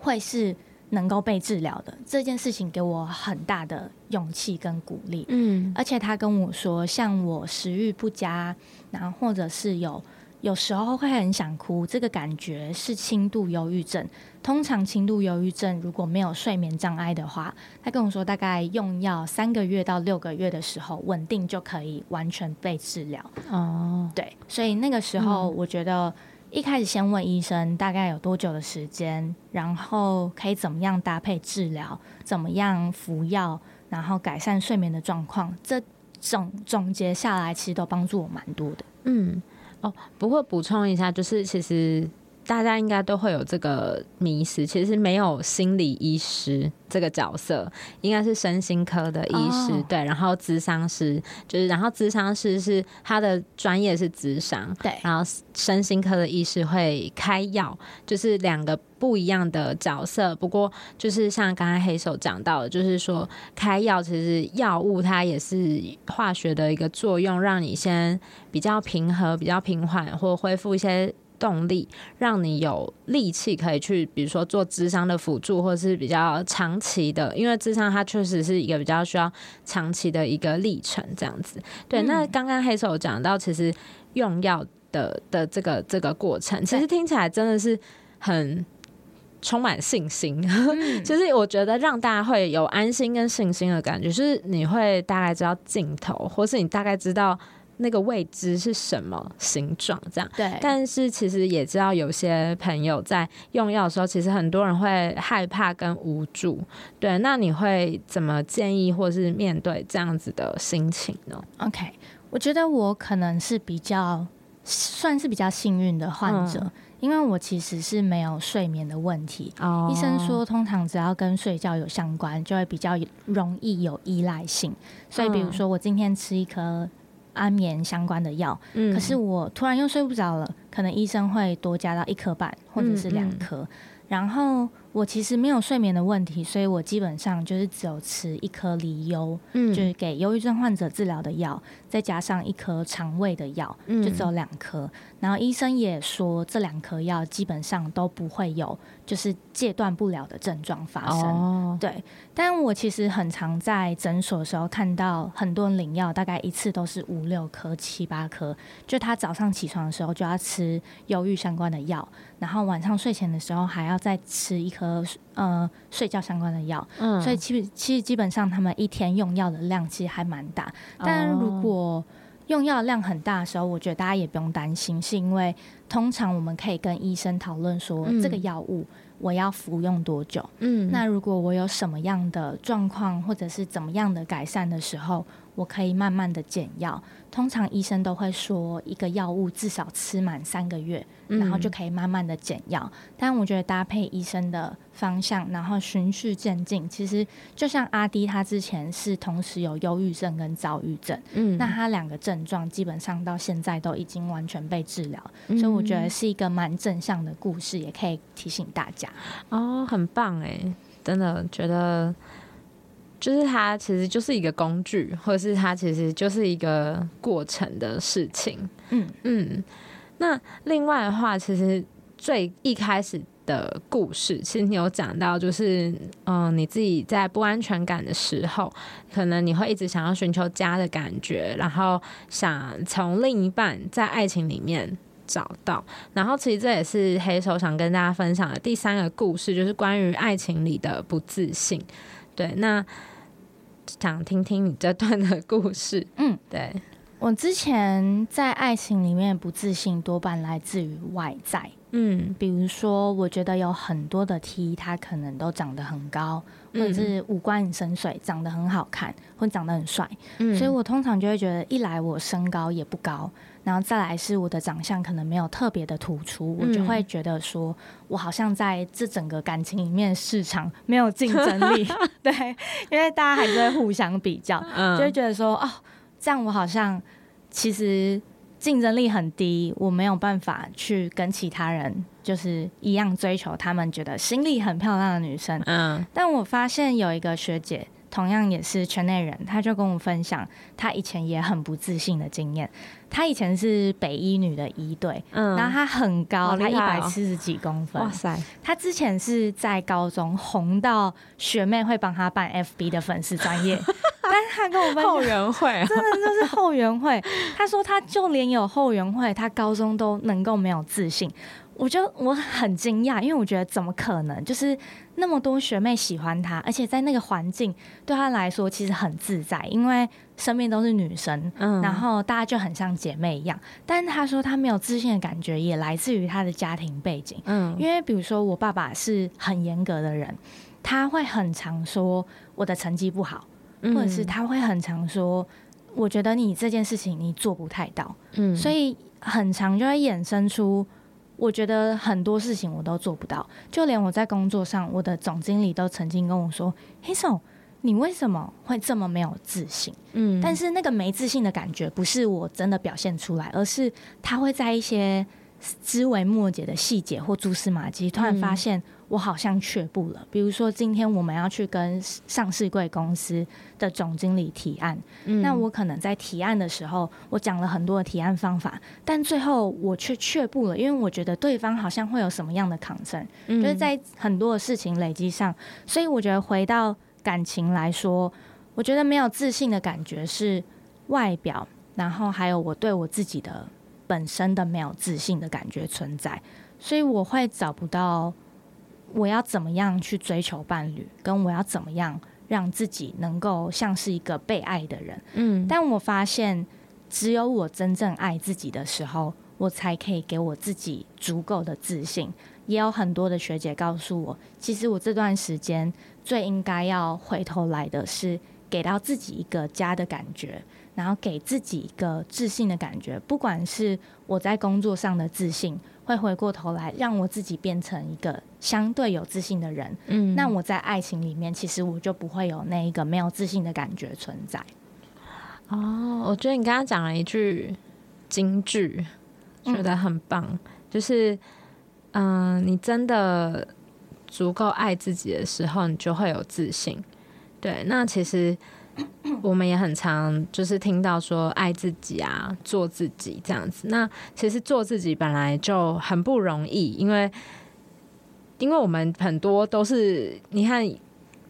會是能夠被治療的，這件事情給我很大的勇氣跟鼓勵。嗯，而且他跟我說，像我食慾不佳，然後或者是有有時候會很想哭，這個感覺是輕度憂鬱症。通常輕度憂鬱症如果沒有睡眠障礙的話，他跟我說大概用藥三個月到六個月的時候穩定就可以完全被治療。哦，對，所以那個時候我覺得一開始先問醫生大概有多久的時間，然後可以怎麼樣搭配治療，怎麼樣服藥，然後改善睡眠的狀況，這總總結下來其實都幫助我蠻多的。嗯，哦，不過補充一下，就是其實。大家應該都會有這個迷思，其實沒有心理醫師這個角色，應該是身心科的醫師。Oh. 對，然後諮商師就是，然後諮商師是他的專業是諮商，對，然後身心科的醫師會開藥，就是兩個不一樣的角色。不過就是像剛才黑手講到的，就是說，開藥其實藥物它也是化學的一個作用，讓你先比較平和、比較平緩或恢復一些。動力讓你有力氣可以去，比如說做諮商的輔助，或者是比較長期的，因為諮商它確實是一個比較需要長期的一個歷程，這樣子。對，那剛剛 Hazel 講到，其實用藥的的這個這個過程，其實聽起來真的是很充滿信心。 其實我覺得讓大家會有安心跟信心的感覺，就是你會大概知道盡頭，或是你大概知道。那個位置是什麼形狀？這樣，對。但是其實也知道有些朋友在用藥的時候，其實很多人會害怕跟無助，對。那你會怎麼建議或是面對這樣子的心情呢？OK，我覺得我可能是比較算是比較幸運的患者、嗯，因為我其實是沒有睡眠的問題、哦。醫生說，通常只要跟睡覺有相關，就會比較容易有依賴性。所以，比如說我今天吃一顆。安眠相關的藥、嗯，可是我突然又睡不着了，可能醫生會多加到一顆半或者是兩顆、嗯嗯。然後我其實沒有睡眠的問題，所以我基本上就是只有吃一顆離憂，就是給憂鬱症患者治療的藥。再加上一顆腸胃的藥，嗯，就只有兩顆。然後醫生也說，這兩顆藥基本上都不會有就是戒斷不了的症狀發生。哦。對，但我其實很常在診所的時候看到很多人領藥，大概一次都是五六顆、七八顆。就他早上起床的時候就要吃憂鬱相關的藥，然後晚上睡前的時候還要再吃一顆。呃，睡覺相關的藥。嗯，所以其實其實基本上他們一天用藥的量其實還蠻大。但如果用藥量很大的時候，我覺得大家也不用擔心，是因為通常我們可以跟醫生討論說，這個藥物我要服用多久？嗯，那如果我有什麼樣的狀況，或者是怎麼樣的改善的時候，我可以慢慢的減藥。通常醫生都會說，一個藥物至少吃滿三個月，然後就可以慢慢的減藥、嗯。但我覺得搭配醫生的方向，然後循序漸進，其實就像阿滴，他之前是同時有憂鬱症跟躁鬱症、嗯，那他兩個症狀基本上到現在都已經完全被治療、嗯，所以我覺得是一個蠻正向的故事，也可以提醒大家。哦，很棒哎，真的覺得。就是它其實就是一個工具，或者是它其實就是一個過程的事情。嗯嗯。那另外的話，其實最一開始的故事，其實你有講到，就是嗯、呃，你自己在不安全感的時候，可能你會一直想要尋求家的感覺，然後想從另一半在愛情裡面找到。然後，其實這也是 Herz 想跟大家分享的第三個故事，就是關於愛情裡的不自信。對，那想聽聽你這段的故事。嗯，對，我之前在愛情裡面不自信，多半來自於外在。嗯，比如說，我覺得有很多的 T，他可能都長得很高，或者是五官很深邃，長得很好看，或長得很帥，嗯。所以我通常就會覺得，一來我身高也不高。然後再來是我的長相可能沒有特別的突出，我就會覺得說，我好像在這整個感情裡面市場沒有競爭力，對，因為大家還是會互相比較，就會覺得說，哦，這樣我好像其實競爭力很低，我沒有辦法去跟其他人就是一樣追求他們覺得心裡很漂亮的女生，嗯，但我發現有一個學姐。同樣也是圈內人，他就跟我分享他以前也很不自信的經驗。他以前是北一女的儀隊，嗯，然後他很高，哦、他一百四十幾公分，哇塞！他之前是在高中紅到學妹會幫他辦 FB 的粉絲專頁， 但是他跟我分享後援會、啊，真的就是後援會。 他說他就連有後援會，他高中都能夠沒有自信。我就我很驚訝，因為我覺得怎麼可能？就是那麼多學妹喜歡他，而且在那個環境對他來說其實很自在，因為身邊都是女生，嗯、然後大家就很像姐妹一樣。但是他說他沒有自信的感覺，也來自於他的家庭背景。嗯，因為比如說我爸爸是很嚴格的人，他會很常說我的成績不好，或者是他會很常說我覺得你這件事情你做不太到。嗯，所以很常就會衍生出。我覺得很多事情我都做不到，就連我在工作上，我的總經理都曾經跟我說：“Hazel，你為什麼會這麼沒有自信？”嗯，但是那個沒自信的感覺不是我真的表現出來，而是他會在一些枝微末節的細節或蛛絲馬跡，突然發現。我好像卻步了。比如說，今天我們要去跟上市櫃公司的總經理提案，嗯，那我可能在提案的時候，我講了很多的提案方法，但最後我卻卻步了，因為我覺得對方好像會有什麼樣的抗爭，嗯，就是在很多的事情累積上。所以，我覺得回到感情來說，我覺得沒有自信的感覺是外表，然後還有我對我自己的本身的沒有自信的感覺存在，所以我會找不到。我要怎麼樣去追求伴侶？跟我要怎麼樣讓自己能夠像是一個被愛的人？嗯，但我發現，只有我真正愛自己的時候，我才可以給我自己足夠的自信。也有很多的學姐告訴我，其實我這段時間最應該要回頭來的是給到自己一個家的感覺，然後給自己一個自信的感覺。不管是我在工作上的自信，會回過頭來讓我自己變成一個。相對有自信的人，嗯，那我在愛情裡面，其實我就不會有那一個沒有自信的感覺存在。哦，我覺得你剛剛講了一句金句、嗯，覺得很棒。就是，嗯、呃，你真的足夠愛自己的時候，你就會有自信。對，那其實我們也很常就是聽到說愛自己啊，做自己這樣子。那其實做自己本來就很不容易，因為。因為我們很多都是你看，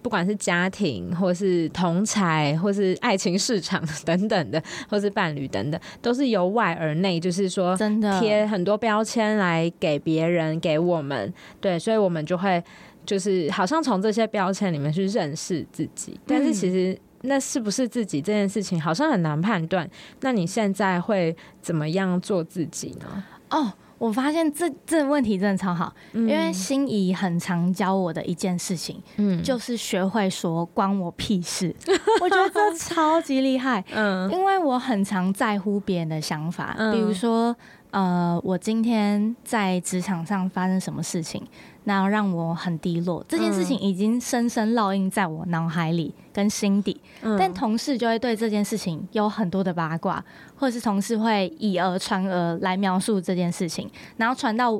不管是家庭，或是同儕或是愛情市場等等的，或是伴侶等等，都是由外而內，就是說，貼很多標籤來給別人，給我們，對，所以我們就會就是好像從這些標籤裡面去認識自己，但是其實那是不是自己這件事情，好像很難判斷。那你現在會怎麼樣做自己呢？哦。我發現這這問題真的超好，因為心怡很常教我的一件事情，嗯、就是學會說關我屁事。 我覺得這超級厲害，嗯，因為我很常在乎別人的想法，嗯。比如說，呃，我今天在職場上發生什麼事情，那讓我很低落，這件事情已經深深烙印在我腦海裡。跟心底，但同事就會對這件事情有很多的八卦，或者是同事會以訛傳訛來描述這件事情，然後傳到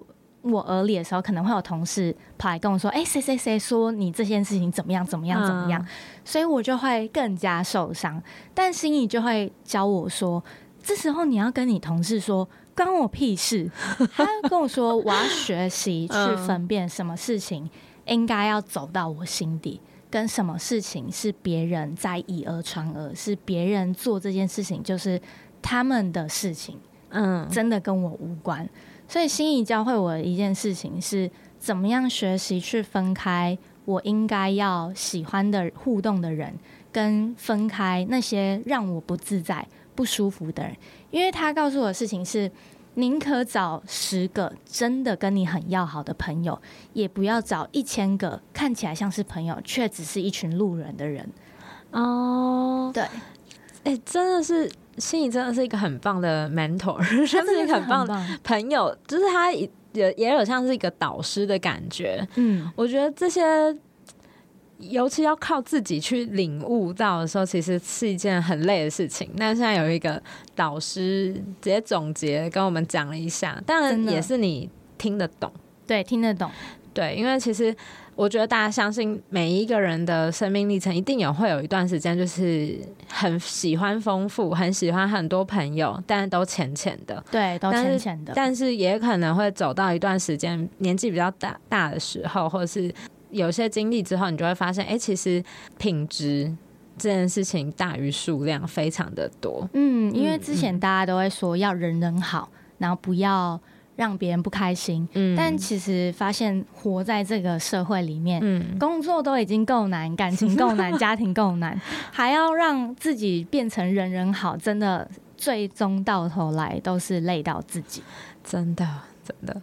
我耳裡的時候，可能會有同事跑來跟我說：“哎，誰誰誰說你這件事情怎麼樣，怎麼樣，怎麼樣？”所以我就會更加受傷。但心裡就會教我說：“這時候你要跟你同事說關我屁事。”他跟我說：“我要學習去分辨什麼事情應該要走到我心底。”跟什麼事情是別人在以訛傳訛？是別人做這件事情，就是他們的事情，嗯，真的跟我無關。所以，心儀教會我一件事情是，怎麼樣學習去分開我應該要喜歡的互動的人，跟分開那些讓我不自在、不舒服的人。因為他告訴我的事情是。寧可找十個真的跟你很要好的朋友，也不要找一千個看起來像是朋友卻只是一群路人的人。哦、oh，對，哎、欸，真的是心怡，真的是一個很棒的 mentor，真的是很棒的朋友， 就是他也也有像是一個導師的感覺。嗯，我覺得這些。尤其要靠自己去領悟到的時候，其實是一件很累的事情。但現在有一個導師直接總結，跟我們講了一下，當然也是你聽得懂，對，聽得懂，對，因為其實我覺得大家相信每一個人的生命歷程，一定也會有一段時間，就是很喜歡豐富，很喜歡很多朋友，但是都淺淺的，對，都淺淺的但是，但是也可能會走到一段時間，年紀比較大大的時候，或者是。有些經歷之後，你就會發現，哎、欸，其實品質這件事情大於數量，非常的多。嗯，因為之前大家都會說要人人好，然後不要讓別人不開心。嗯，但其實發現活在這個社會裡面，嗯，工作都已經夠難，感情夠難，家庭夠難， 還要讓自己變成人人好，真的最終到頭來都是累到自己。真的，真的。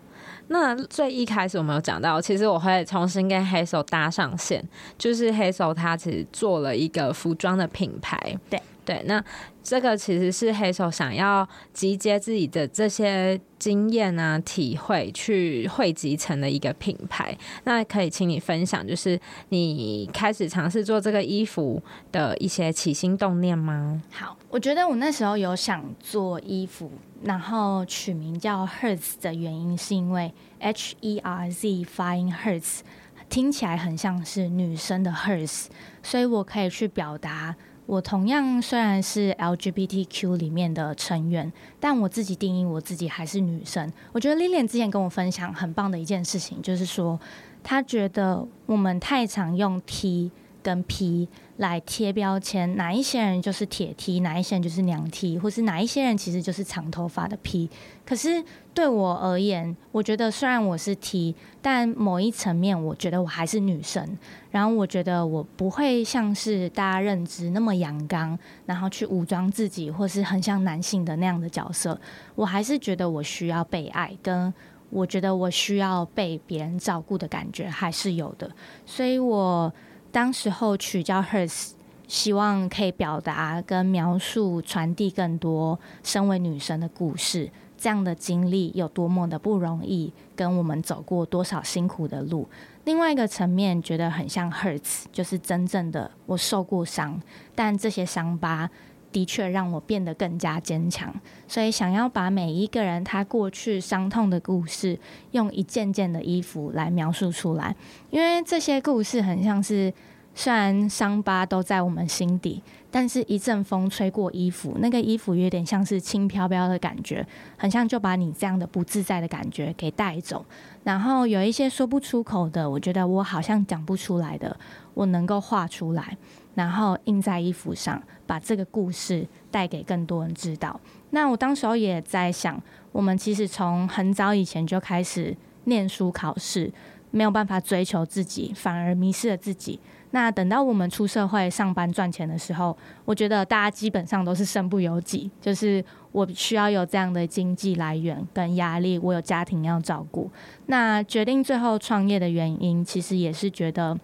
那最一開始我們有講到，其實我會重新跟 Hazel 搭上線，就是 Hazel 他其實做了一個服裝的品牌，對對，那。這個其實是 Hazel 想要集結自己的這些經驗啊、體會，去匯集成的一個品牌。那可以請你分享，就是你開始嘗試做這個衣服的一些起心動念嗎？好，我覺得我那時候有想做衣服，然後取名叫 Herz 的原因，是因為 H E R Z 發音 Herz 聽起來很像是女生的 Hers，所以我可以去表達。我同樣雖然是 LGBTQ 裡面的成員，但我自己定義我自己還是女生。我覺得 Lilian 之前跟我分享很棒的一件事情，就是說她覺得我們太常用 T 跟 P。來貼標籤，哪一些人就是鐵 T，哪一些人就是娘 T，或是哪一些人其實就是長頭髮的 P。可是對我而言，我覺得雖然我是 T，但某一層面，我覺得我還是女生。然後我覺得我不會像是大家認知那麼陽剛，然後去武裝自己，或是很像男性的那樣的角色。我還是覺得我需要被愛，跟我覺得我需要被別人照顧的感覺還是有的。所以我。當時候取叫 Hers，希望可以表達跟描述傳遞更多身為女生的故事，這樣的經歷有多麼的不容易，跟我們走過多少辛苦的路。另外一個層面覺得很像 Hurts，就是真正的我受過傷，但這些傷疤。的確讓我變得更加堅強，所以想要把每一個人他過去傷痛的故事，用一件件的衣服來描述出來，因為這些故事很像是，雖然傷疤都在我們心底，但是一陣風吹過衣服，那個衣服有點像是輕飄飄的感覺，很像就把你這樣的不自在的感覺給帶走。然後有一些說不出口的，我覺得我好像講不出來的，我能夠畫出來。然後印在衣服上，把這個故事帶給更多人知道。那我當時候也在想，我們其實從很早以前就開始念書考試，沒有辦法追求自己，反而迷失了自己。那等到我們出社會上班賺錢的時候，我覺得大家基本上都是身不由己，就是我需要有這樣的經濟來源跟壓力，我有家庭要照顧。那決定最後創業的原因，其實也是覺得，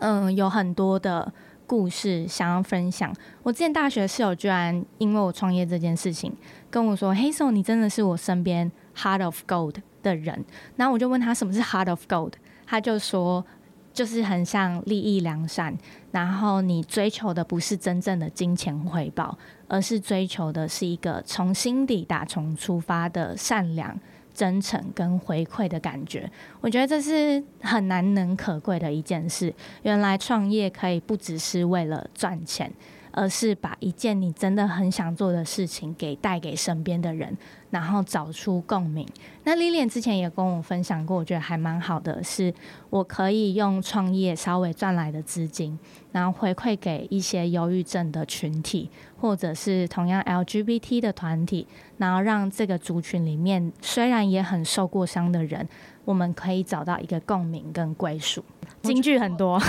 嗯，有很多的。故事想要分享，我之前大學室友居然因為我創業這件事情跟我說：“Hey，So，你真的是我身邊 Heart of Gold 的人。”然後我就問他什麼是 Heart of Gold，他就說：“就是很像立意良善，然後你追求的不是真正的金錢回報，而是追求的是一個從心底打從出發的善良。”真誠跟回饋的感覺，我覺得這是很難能可貴的一件事。原來創業可以不只是為了賺錢，而是把一件你真的很想做的事情給帶給身邊的人。然後找出共鳴。那 Lilian 之前也跟我分享過，我覺得還蠻好的，是我可以用創業稍微賺來的資金，然後回饋給一些憂鬱症的群體，或者是同樣 LGBT 的團體，然後讓這個族群裡面雖然也很受過傷的人。我們可以找到一個共鳴跟歸屬。金句很多，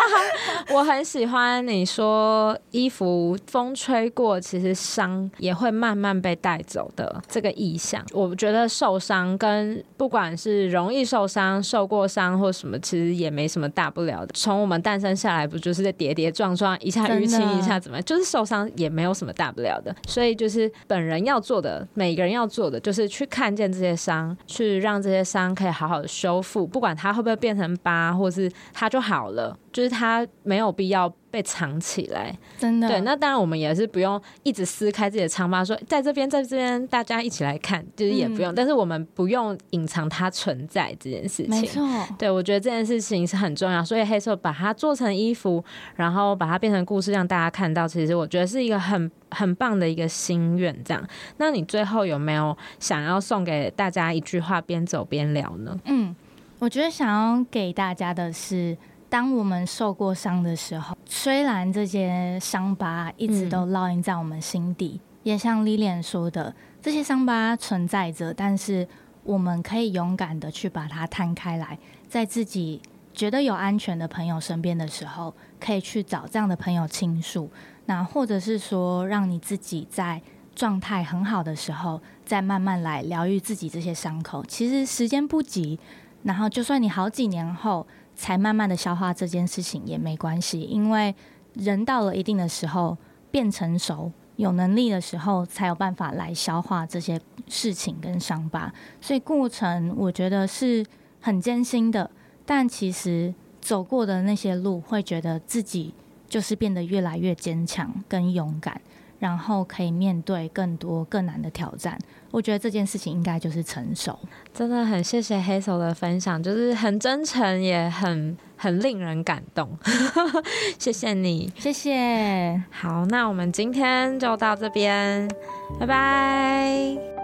我很喜歡你說“衣服風吹過，其實傷也會慢慢被帶走的”的這個意象。我覺得受傷跟不管是容易受傷、受過傷或什麼，其實也沒什麼大不了的。從我們誕生下來，不就是在跌跌撞撞，一下淤青，一下怎麼樣，就是受傷也沒有什麼大不了的。所以，就是本人要做的，每個人要做的，就是去看見這些傷，去讓這些傷。再好好的修復，不管它會不會變成疤，或是它就好了，就是它沒有必要。被藏起來，真的對。那當然，我們也是不用一直撕開自己的瘡疤，說在這邊，在這邊，大家一起來看，就是也不用。嗯、但是我們不用隱藏它存在這件事情，沒錯。對，我覺得這件事情是很重要，所以 Herz 把它做成衣服，然後把它變成故事，讓大家看到。其實我覺得是一個很很棒的一個心願，這樣。那你最後有沒有想要送給大家一句話，邊走邊療呢？嗯，我覺得想要給大家的是。當我們受過傷的時候，雖然這些傷疤一直都烙印在我們心底，嗯、也像李蓮說的，這些傷疤存在着，但是我們可以勇敢的去把它攤開來，在自己覺得有安全的朋友身邊的時候，可以去找這樣的朋友傾訴，那或者是說，讓你自己在狀態很好的時候，再慢慢來療癒自己這些傷口。其實時間不急，然後就算你好幾年後。才慢慢的消化這件事情也沒關係，因為人到了一定的時候變成熟、有能力的時候，才有辦法來消化這些事情跟傷疤。所以過程我覺得是很艱辛的，但其實走過的那些路，會覺得自己就是變得越來越堅強跟勇敢，然後可以面對更多更難的挑戰。我覺得這件事情應該就是成熟，真的很謝謝 Hazel 的分享，就是很真誠，也很很令人感動， 謝謝你，謝謝，好，那我們今天就到這邊，拜拜。